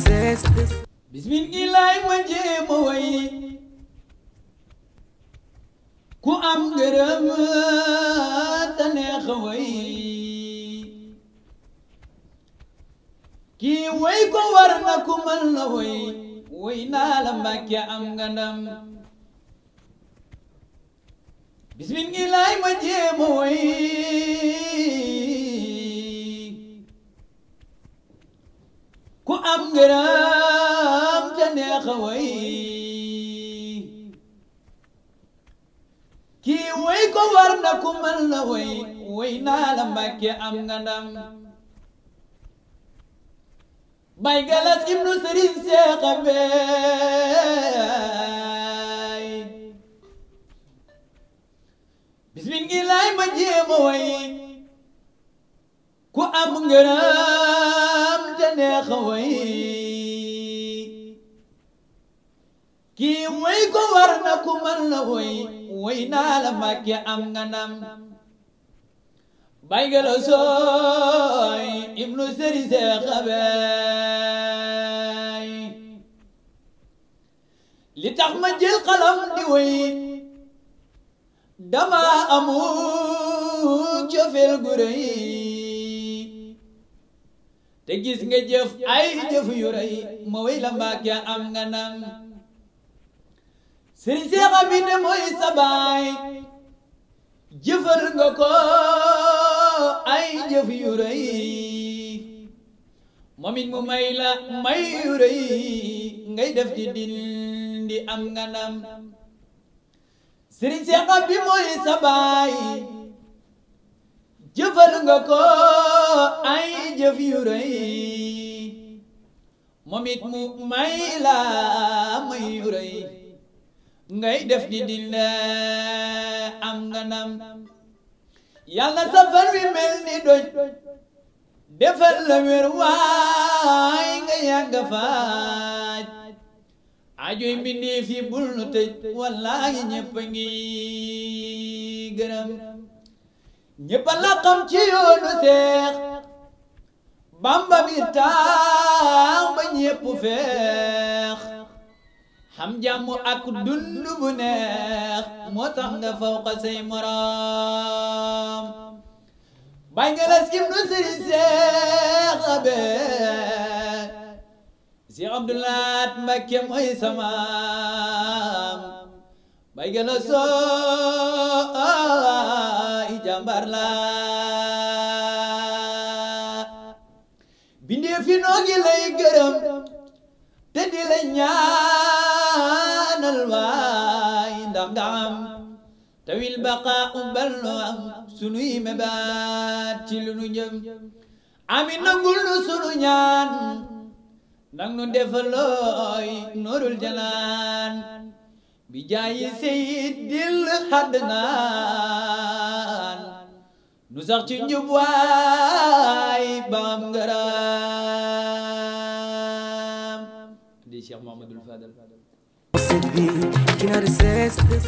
set bi ki nar ma jéema way ku am ngërëm te way kii way ko war ku mën na way way naa la Mbàkke am nga ndam ma jéema way kii way ko war na ku mën la way way naa la mbàkke am nga ndam bay galas ibnu sëriñ seexa beey bismillaay ma jéema way ku am ngërëm kii woy ko na ku mën la woy woy la Mbàkke am nga ndam bay ngela sooy ibnu sëri see li tax ma jël xalam di woy dama amu cofeel gu te gis nga ay jëf yu ma woy la Mbàkke am nga ndam sëriñ Seex Abinde mooy sa baay nga ko ay jëf yu moom it mu may la may yu ngay def di dindi am nga ndam sëriñ Seex Abdi mooy sa baay nga ko ay jëf yu moom it mu may la may yu ngay def di dilla am nga nam yàlla safar wi mel ni doj defal la wér waay nga yàgg faaj ajoy mbindeef yi bul nu tëj wallaahi ñëpp a ngi gërëm ñëpp a la ci yoonu seex bamba bi taax ba ñëpp feex xam jàmm ak dund bu neex moo tax nga fawqa say moroom bàyyi nga las kim nu sëriñ seex abe seex abdulaat mbakke mooy samaam bàyyi nga soo i jàmbar la bindee fi noo ngi lay gërëm te di la ñaan daam tawil baqaa ubbal noo am sunuy mebaat bi jaayi seydil xadnaan nu sax ci waay baam Máquina de sexta